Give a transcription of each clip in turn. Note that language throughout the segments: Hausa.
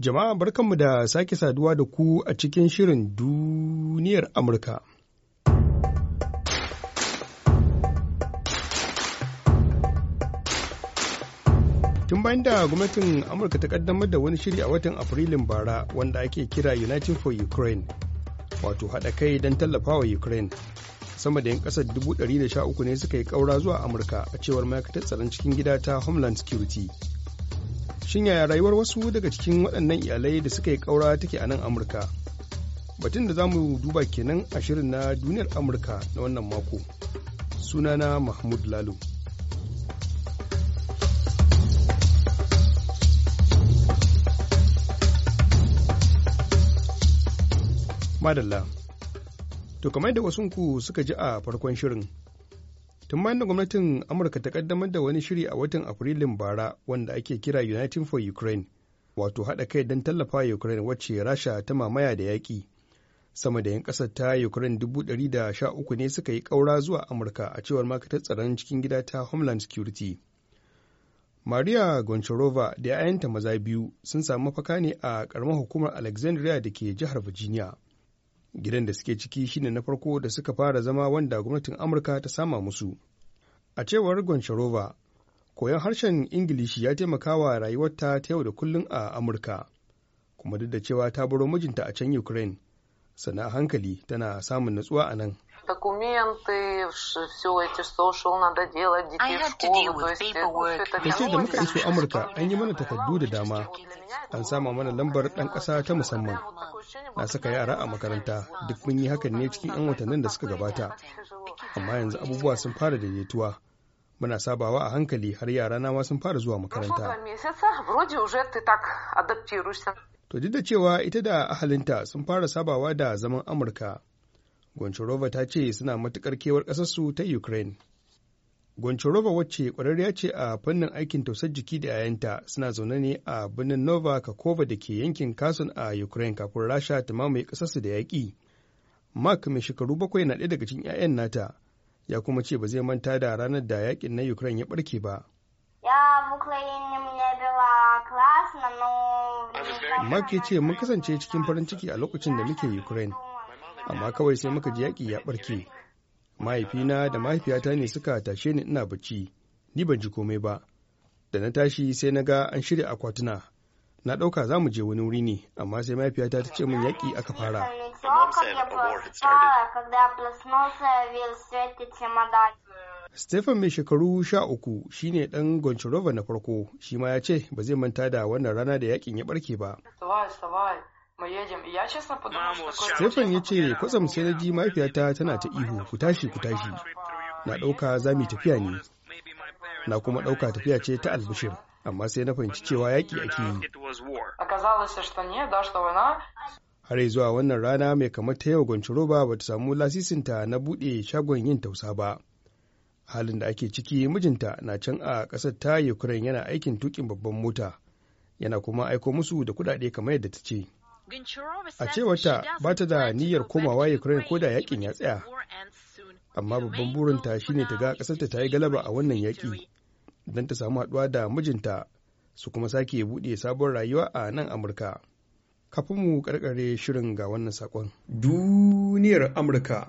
Jama'a barkanmu da sake saduwa da ku a cikin shirin duniyar Amurka. Tun bayan da gwamnatin Amurka ta kaddamar da wani shiri a watan Afrilun bara wanda ake kira United for Ukraine, wato haɗa kai don tallafawa Ukraine. Sama da 'yan ƙasar 113 ne suka yi ƙaura zuwa Amurka a cewar ma'aikatar tsaron cikin gida ta Homeland Security. Shin yaya rayuwar wasu daga cikin waɗannan iyalai da suka yi ƙaura take a nan Amurka? Batun da za mu duba kenan a shirin na duniyar Amurka na wannan mako. Sunana Mahmud lalu. Madalla. To kamar da wasunku suka ji a farkon shirin. tun bayan da gwamnatin amurka ta kaddamar da wani shiri a watan afrilun bara wanda ake kira united for ukraine wato haɗa kai don tallafa ukraine wacce rasha ta mamaya da yaƙi sama da 'yan ƙasar ta ukraine dubu da sha uku ne suka yi ƙaura zuwa amurka a cewar makatar tsaron cikin gida ta homeland security maria goncharova da 'ya'yanta maza biyu sun samu mafaka ne a karamar hukumar alexandria da ke jihar virginia gidan da suke ciki shine na farko da suka fara zama wanda gwamnatin amurka ta sama musu a cewar goncharova koyon harshen ingilishi ya taimaka wa rayuwarta ta yau da kullum a amurka kuma duk da cewa ta baro mijinta a can ukraine sana hankali tana samun natsuwa a nan документы, все эти social надо делать, детей в школу, то есть Da ke da muka iso Amurka an yi mana takardu da dama, an sama mana lambar ɗan ƙasa ta musamman. Na saka yara a makaranta, duk mun yi hakan ne cikin 'yan watannin da suka gabata. Amma yanzu abubuwa sun fara daidaituwa. Muna sabawa a hankali har yara na ma sun fara zuwa makaranta. To duk da cewa ita da ahalinta sun fara sabawa da zaman Amurka, Goncharova ta ce suna matukar kewar ƙasarsu ta Ukraine. Goncharova wacce ƙwararriya ce a fannin aikin tausar jiki da yayanta suna zaune ne a birnin Nova Kakova da ke yankin Kasun a Ukraine kafin Rasha ta mamaye ƙasarsu da yaƙi. Mark mai shekaru bakwai na ɗaya daga cikin 'ya'yan nata ya kuma ce ba zai manta da ranar da yaƙin na Ukraine ya barke ba. Mark ya ce mun kasance cikin farin ciki a lokacin da muke Ukraine. amma kawai sai muka ji yaƙi ya ɓarke mahaifina da mahaifiyata ne suka tashe ni ina bacci ni ban ji komai ba da na tashi sai na ga an shirya akwatuna na ɗauka za mu je wani wuri ne amma sai mahaifiyata ta ce min yaƙi aka fara Stefan mai shekaru sha uku shine ɗan Goncharova na farko shi ma ya ce ba zai manta da wannan rana da yakin ya ɓarke ba. Stefan ya ce kwatsam sai na ji mafiyata tana ta ihu ku tashi ku tashi na ɗauka za mu tafiya ne na kuma ɗauka tafiya ce ta albishir amma sai na fahimci cewa yaƙi ake yi. Har zuwa wannan rana mai kamar ta yau gwanciro ba ta samu lasisinta na buɗe shagon yin tausa ba. Halin da ake ciki mijinta na can a ƙasar ta Ukraine yana aikin tukin babban mota, yana kuma aiko musu da kuɗaɗe kamar yadda ta ce. A cewarta ba ta da niyyar komawa Ukraine ko da yakin ya tsaya. Amma babban burinta shine ta ga ƙasarta ta yi galaba a wannan yaƙi don ta samu haɗuwa da mijinta su kuma sake buɗe sabon rayuwa a nan Amurka. Kafin mu karkare shirin ga wannan saƙon. Duniyar Amurka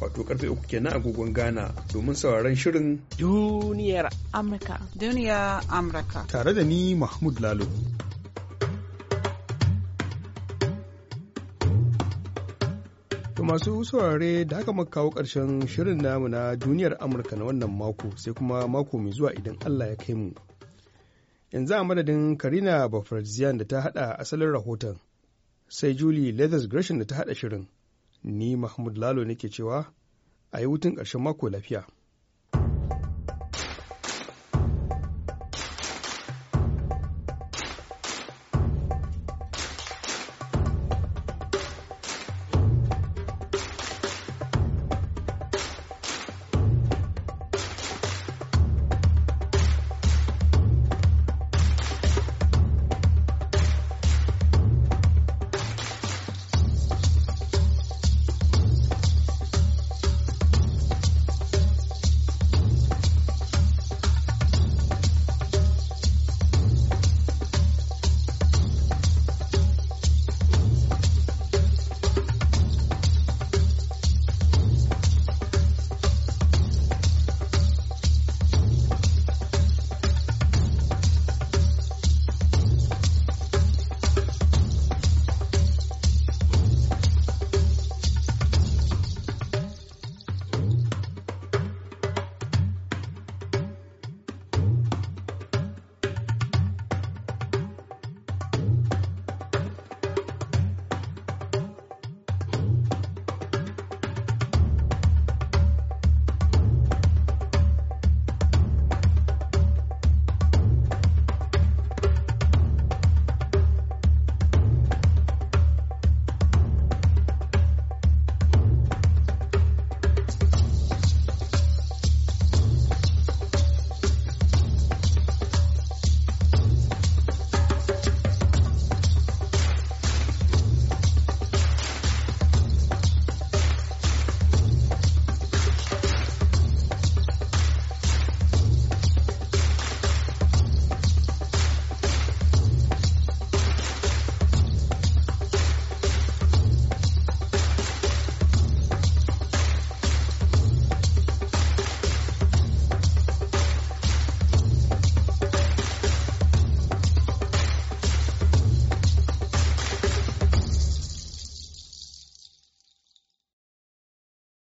wato karfe uku kenan agogon Ghana domin sauraron shirin duniyar Amurka. duniya Amurka. Tare da ni Mahmud Lalo. masu saurare da haka muka kawo ƙarshen shirin namu na duniyar amurka na wannan mako sai kuma mako mai zuwa idan allah ya kai mu yanzu a madadin karina bafarziyan da ta hada asalin rahoton sai julie leathers gresham da ta hada shirin ni mahmud lalo nake cewa a yi hutun ƙarshen mako lafiya